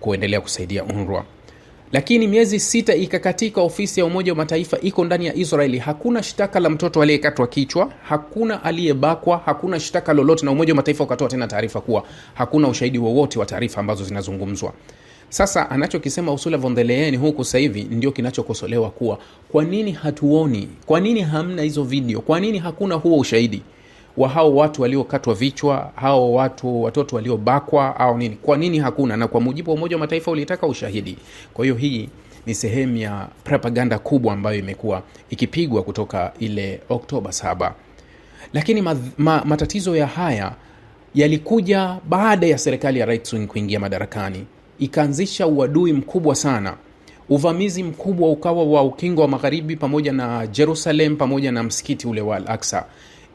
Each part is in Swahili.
kuendelea kusaidia UNRWA. Lakini miezi sita ikakatika, ofisi ya Umoja wa Mataifa iko ndani ya Israeli. Hakuna shtaka la mtoto aliyekatwa kichwa, hakuna aliyebakwa, hakuna shtaka lolote, na Umoja wa Mataifa ukatoa tena taarifa kuwa hakuna ushahidi wowote wa taarifa ambazo zinazungumzwa. Sasa anachokisema Ursula von der Leyen huku sasa hivi ndio kinachokosolewa kuwa kwa nini hatuoni, kwa nini hamna hizo video, kwa nini hakuna huo ushahidi? wa hao watu waliokatwa vichwa, hao watu watoto waliobakwa au nini? Kwa nini hakuna? Na kwa mujibu wa Umoja wa Mataifa ulitaka ushahidi. Kwa hiyo hii ni sehemu ya propaganda kubwa ambayo imekuwa ikipigwa kutoka ile Oktoba saba, lakini ma, ma, matatizo ya haya yalikuja baada ya serikali ya Raisun kuingia madarakani, ikaanzisha uadui mkubwa sana uvamizi mkubwa ukawa wa ukingo wa magharibi pamoja na Jerusalem pamoja na msikiti ule wa al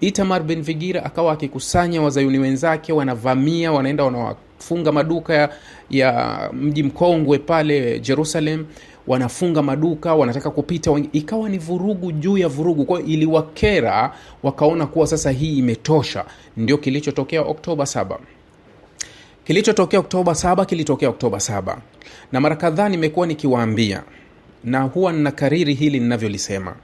Itamar Ben Vigira akawa akikusanya wazayuni wenzake, wanavamia, wanaenda wanawafunga maduka ya, ya mji mkongwe pale Jerusalem, wanafunga maduka, wanataka kupita, ikawa ni vurugu juu ya vurugu. Kwa hiyo iliwakera, wakaona kuwa sasa hii imetosha. Ndio kilichotokea Oktoba saba. Kilichotokea Oktoba saba kilitokea Oktoba saba, na mara kadhaa nimekuwa nikiwaambia na huwa kariri hili ninavyolisema.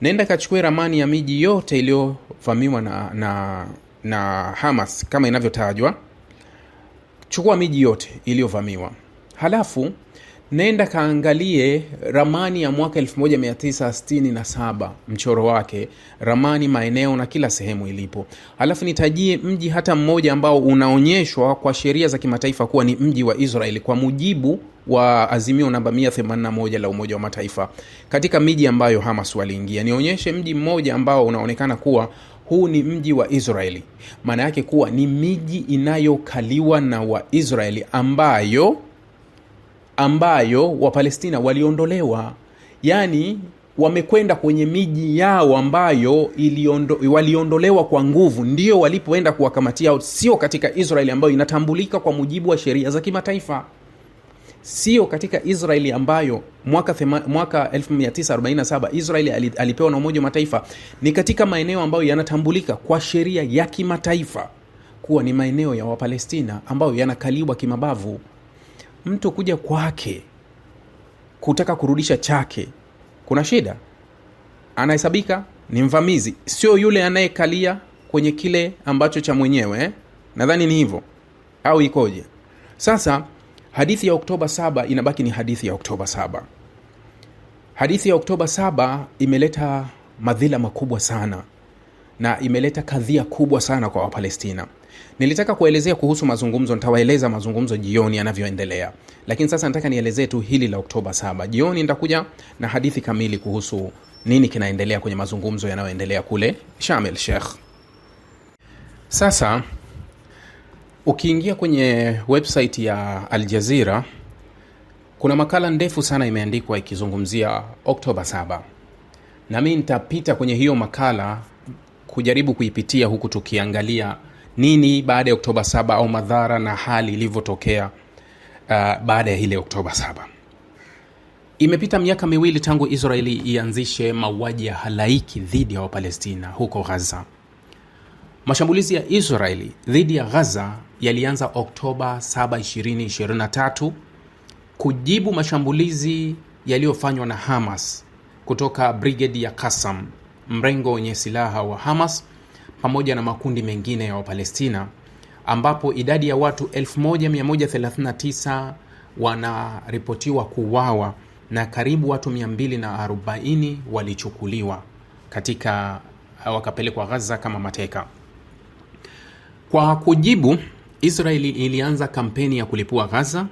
Naenda kachukue ramani ya miji yote iliyovamiwa na, na, na Hamas kama inavyotajwa. Chukua miji yote iliyovamiwa halafu nenda kaangalie ramani ya mwaka 1967 mchoro wake, ramani, maeneo na kila sehemu ilipo, halafu nitajie mji hata mmoja ambao unaonyeshwa kwa sheria za kimataifa kuwa ni mji wa Israeli kwa mujibu wa azimio namba 181 la Umoja wa Mataifa katika miji ambayo Hamas waliingia. Nionyeshe mji mmoja ambao unaonekana kuwa huu ni mji wa Israeli, maana yake kuwa ni miji inayokaliwa na Waisraeli ambayo ambayo Wapalestina waliondolewa, yaani wamekwenda kwenye miji yao ambayo iliondo, waliondolewa kwa nguvu, ndio walipoenda kuwakamatia, sio katika Israeli ambayo inatambulika kwa mujibu wa sheria za kimataifa, sio katika Israeli ambayo mwaka, thema, mwaka 1947 Israeli alipewa na Umoja wa Mataifa. Ni katika maeneo ambayo yanatambulika kwa sheria ya kimataifa kuwa ni maeneo ya Wapalestina ambayo yanakaliwa kimabavu mtu kuja kwake kutaka kurudisha chake kuna shida anahesabika ni mvamizi sio yule anayekalia kwenye kile ambacho cha mwenyewe eh? nadhani ni hivyo au ikoje sasa hadithi ya oktoba saba inabaki ni hadithi ya oktoba saba hadithi ya oktoba saba imeleta madhila makubwa sana na imeleta kadhia kubwa sana kwa wapalestina Nilitaka kuelezea kuhusu mazungumzo, nitawaeleza mazungumzo jioni yanavyoendelea, lakini sasa nataka nielezee tu hili la Oktoba saba. Jioni nitakuja na hadithi kamili kuhusu nini kinaendelea kwenye mazungumzo yanayoendelea kule shamel shekh Sheikh. Sasa ukiingia kwenye website ya Al Jazeera kuna makala ndefu sana imeandikwa ikizungumzia Oktoba saba, na mi nitapita kwenye hiyo makala kujaribu kuipitia huku tukiangalia nini baada ya Oktoba saba au madhara na hali ilivyotokea uh, baada ya ile Oktoba saba. Imepita miaka miwili tangu Israeli ianzishe mauaji ya halaiki dhidi ya Wapalestina huko Gaza. Mashambulizi ya Israeli dhidi ya Gaza yalianza Oktoba 7, kujibu mashambulizi yaliyofanywa na Hamas kutoka brigedi ya kasam mrengo wenye silaha wa Hamas pamoja na makundi mengine ya Wapalestina ambapo idadi ya watu 1139 wanaripotiwa kuuawa na karibu watu 240 walichukuliwa katika uh, wakapelekwa Gaza kama mateka. Kwa kujibu, Israeli ilianza kampeni ya kulipua Gaza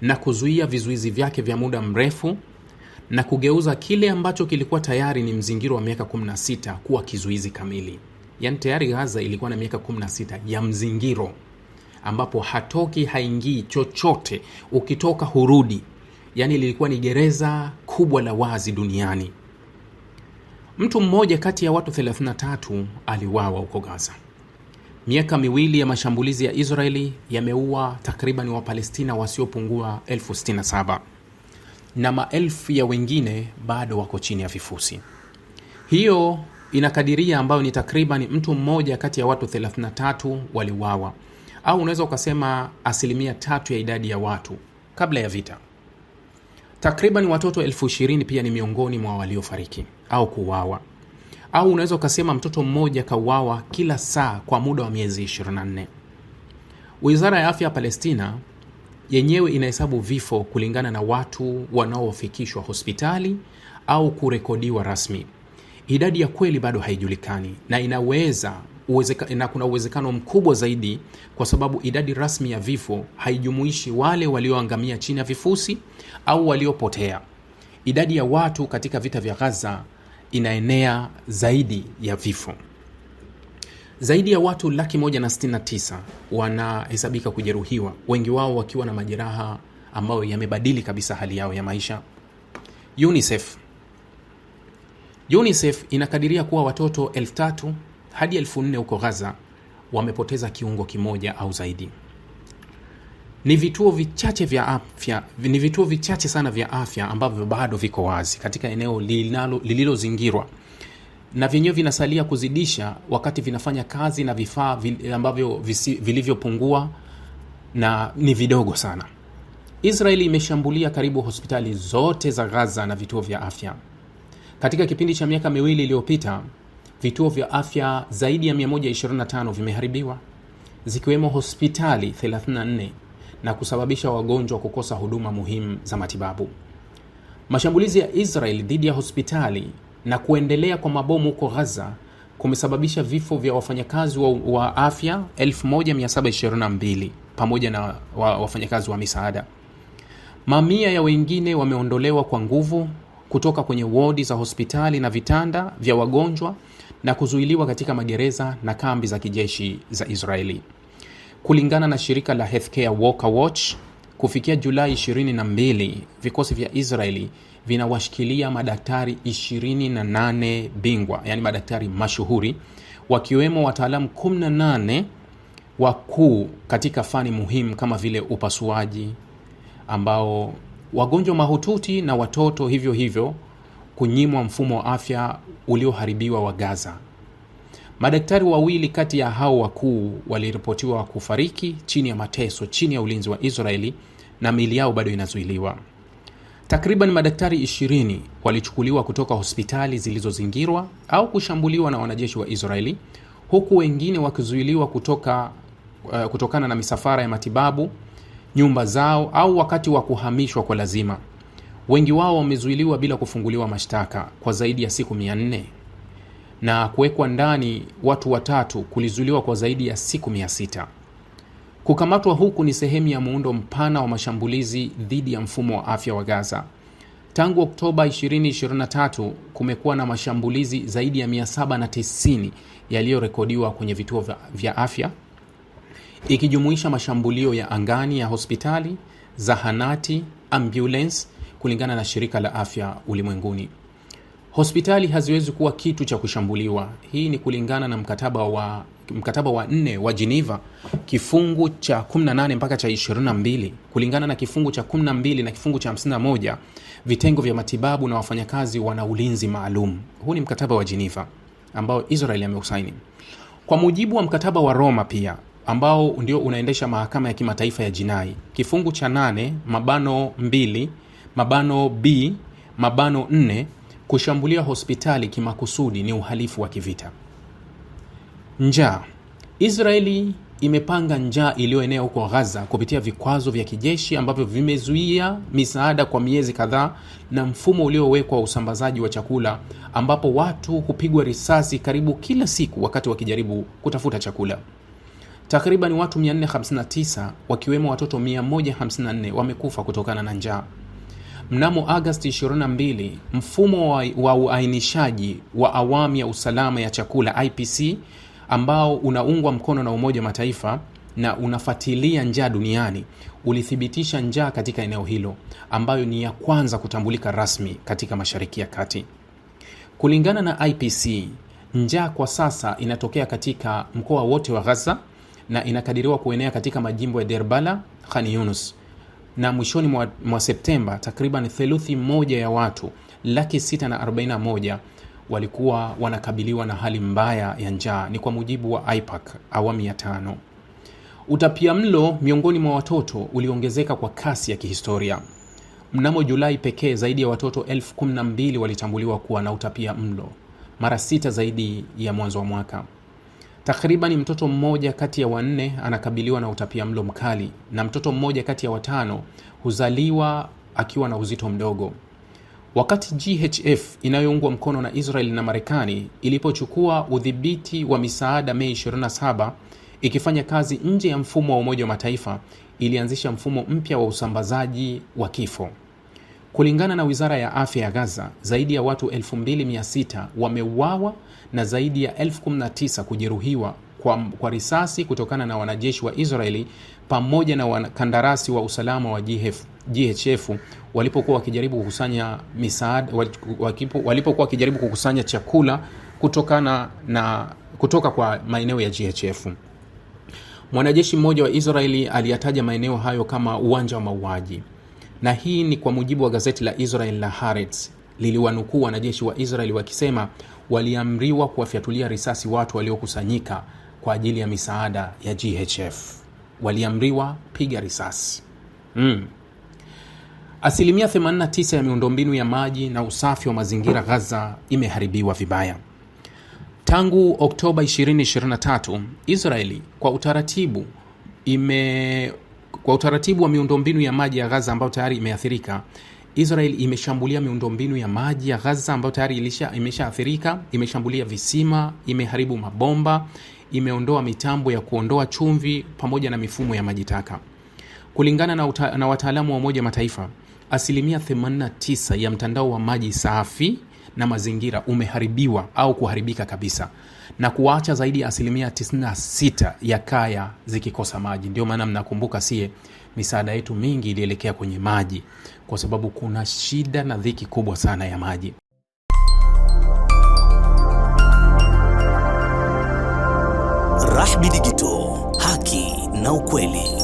na kuzuia vizuizi vyake vya muda mrefu na kugeuza kile ambacho kilikuwa tayari ni mzingiro wa miaka 16 kuwa kizuizi kamili yani tayari Gaza ilikuwa na miaka 16 ya mzingiro ambapo hatoki haingii chochote, ukitoka hurudi. yani lilikuwa ni gereza kubwa la wazi duniani. Mtu mmoja kati ya watu 33 aliwawa huko Gaza. Miaka miwili ya mashambulizi ya Israeli yameua takriban Wapalestina wasiopungua elfu na maelfu ya wengine bado wako chini ya vifusi. Hiyo inakadiria ambayo ni takriban mtu mmoja kati ya watu 33 waliuawa, au unaweza ukasema asilimia tatu ya idadi ya watu kabla ya vita. Takriban watoto elfu ishirini pia ni miongoni mwa waliofariki au kuuawa, au unaweza ukasema mtoto mmoja kauawa kila saa kwa muda wa miezi 24. Wizara ya afya ya Palestina yenyewe inahesabu vifo kulingana na watu wanaofikishwa hospitali au kurekodiwa rasmi idadi ya kweli bado haijulikani na inaweza uwezeka, na kuna uwezekano mkubwa zaidi kwa sababu idadi rasmi ya vifo haijumuishi wale walioangamia chini ya vifusi au waliopotea. Idadi ya watu katika vita vya Gaza inaenea zaidi ya vifo. Zaidi ya watu laki moja na sitini na tisa wanahesabika kujeruhiwa, wengi wao wakiwa na majeraha ambayo yamebadili kabisa hali yao ya maisha. UNICEF UNICEF inakadiria kuwa watoto elfu tatu hadi elfu nne huko Gaza wamepoteza kiungo kimoja au zaidi. Ni vituo vichache vya afya, ni vituo vichache sana vya afya ambavyo bado viko wazi katika eneo lililozingirwa na vyenyewe vinasalia kuzidisha wakati vinafanya kazi na vifaa ambavyo vilivyopungua na ni vidogo sana. Israeli imeshambulia karibu hospitali zote za Gaza na vituo vya afya. Katika kipindi cha miaka miwili iliyopita, vituo vya afya zaidi ya 125 vimeharibiwa zikiwemo hospitali 34 na kusababisha wagonjwa kukosa huduma muhimu za matibabu. Mashambulizi ya Israel dhidi ya hospitali na kuendelea kwa mabomu huko Gaza kumesababisha vifo vya wafanyakazi wa, wa afya 1722 pamoja na wa, wafanyakazi wa misaada. Mamia ya wengine wameondolewa kwa nguvu kutoka kwenye wodi za hospitali na vitanda vya wagonjwa na kuzuiliwa katika magereza na kambi za kijeshi za Israeli. Kulingana na shirika la Healthcare Watch, kufikia Julai 22, vikosi vya Israeli vinawashikilia madaktari 28 bingwa, yani madaktari mashuhuri, wakiwemo wataalamu 18 wakuu katika fani muhimu kama vile upasuaji ambao wagonjwa mahututi na watoto hivyo hivyo kunyimwa mfumo wa afya ulioharibiwa wa Gaza. Madaktari wawili kati ya hao wakuu waliripotiwa kufariki chini ya mateso chini ya ulinzi wa Israeli na mili yao bado inazuiliwa. Takriban madaktari 20 walichukuliwa kutoka hospitali zilizozingirwa au kushambuliwa na wanajeshi wa Israeli huku wengine wakizuiliwa kutoka, uh, kutokana na misafara ya matibabu nyumba zao au wakati wa kuhamishwa kwa lazima. Wengi wao wamezuiliwa bila kufunguliwa mashtaka kwa zaidi ya siku mia nne na kuwekwa ndani watu watatu kulizuiliwa kwa zaidi ya siku mia sita. Kukamatwa huku ni sehemu ya muundo mpana wa mashambulizi dhidi ya mfumo wa afya wa Gaza. Tangu Oktoba 2023 kumekuwa na mashambulizi zaidi ya 790 yaliyorekodiwa kwenye vituo vya afya ikijumuisha mashambulio ya angani ya hospitali, zahanati, ambulensi, kulingana na shirika la afya ulimwenguni. Hospitali haziwezi kuwa kitu cha kushambuliwa. Hii ni kulingana na mkataba wa mkataba wa nne wa Geneva kifungu cha 18 mpaka cha 22. Kulingana na kifungu cha 12 na kifungu cha 51, vitengo vya matibabu na wafanyakazi wana ulinzi maalum. Huu ni mkataba wa Geneva ambao Israel ameusaini. Kwa mujibu wa mkataba wa Roma pia ambao ndio unaendesha mahakama ya kimataifa ya jinai kifungu cha nane mabano mbili mabano b mabano nne kushambulia hospitali kimakusudi ni uhalifu wa kivita. Njaa. Israeli imepanga njaa iliyoenea huko ghaza kupitia vikwazo vya kijeshi ambavyo vimezuia misaada kwa miezi kadhaa na mfumo uliowekwa wa usambazaji wa chakula ambapo watu hupigwa risasi karibu kila siku wakati wakijaribu kutafuta chakula. Takriban watu 459 wakiwemo watoto 154 wamekufa kutokana na njaa. Mnamo Agasti 22, mfumo wa, wa uainishaji wa awamu ya usalama ya chakula IPC ambao unaungwa mkono na Umoja Mataifa na unafuatilia njaa duniani ulithibitisha njaa katika eneo hilo ambayo ni ya kwanza kutambulika rasmi katika Mashariki ya Kati. Kulingana na IPC, njaa kwa sasa inatokea katika mkoa wote wa Gaza na inakadiriwa kuenea katika majimbo ya Derbala, Khan Yunus na mwishoni mwa, mwa Septemba takriban theluthi moja ya watu laki sita na arobaini na moja walikuwa wanakabiliwa na hali mbaya ya njaa, ni kwa mujibu wa IPAC awamu ya tano. Utapia mlo miongoni mwa watoto uliongezeka kwa kasi ya kihistoria. Mnamo Julai pekee zaidi ya watoto elfu kumi na mbili walitambuliwa kuwa na utapia mlo, mara sita zaidi ya mwanzo wa mwaka. Takriban mtoto mmoja kati ya wanne anakabiliwa na utapia mlo mkali na mtoto mmoja kati ya watano huzaliwa akiwa na uzito mdogo. Wakati GHF inayoungwa mkono na Israel na Marekani ilipochukua udhibiti wa misaada Mei 27 ikifanya kazi nje ya mfumo wa Umoja wa Mataifa, ilianzisha mfumo mpya wa usambazaji wa kifo. Kulingana na wizara ya afya ya Gaza, zaidi ya watu 2600 wameuawa na zaidi ya 19 kujeruhiwa kwa, kwa risasi kutokana na wanajeshi wa Israeli pamoja na wakandarasi wa usalama wa GHF, GHF walipokuwa wakijaribu kukusanya misaada walipokuwa wakijaribu kukusanya chakula kutokana na kutoka kwa maeneo ya GHF. Mwanajeshi mmoja wa Israeli aliyataja maeneo hayo kama uwanja wa mauaji na hii ni kwa mujibu wa gazeti la Israel la Haaretz liliwanukuu wanajeshi wa Israel wakisema waliamriwa kuwafyatulia risasi watu waliokusanyika kwa ajili ya misaada ya GHF. Waliamriwa piga risasi mm. Asilimia 89 ya miundombinu ya maji na usafi wa mazingira Gaza imeharibiwa vibaya tangu Oktoba 2023. Israeli kwa utaratibu ime kwa utaratibu wa miundombinu ya maji ya Gaza ambayo tayari imeathirika, Israel imeshambulia miundombinu ya maji ya Gaza ambayo tayari imeshaathirika, imeshambulia visima, imeharibu mabomba, imeondoa mitambo ya kuondoa chumvi pamoja na mifumo ya maji taka. Kulingana na, na wataalamu wa Umoja Mataifa, asilimia 89 ya mtandao wa maji safi na mazingira umeharibiwa au kuharibika kabisa na kuacha zaidi ya asilimia 96 ya kaya zikikosa maji. Ndio maana mnakumbuka sie, misaada yetu mingi ilielekea kwenye maji, kwa sababu kuna shida na dhiki kubwa sana ya maji. Rahby Digital, haki na ukweli.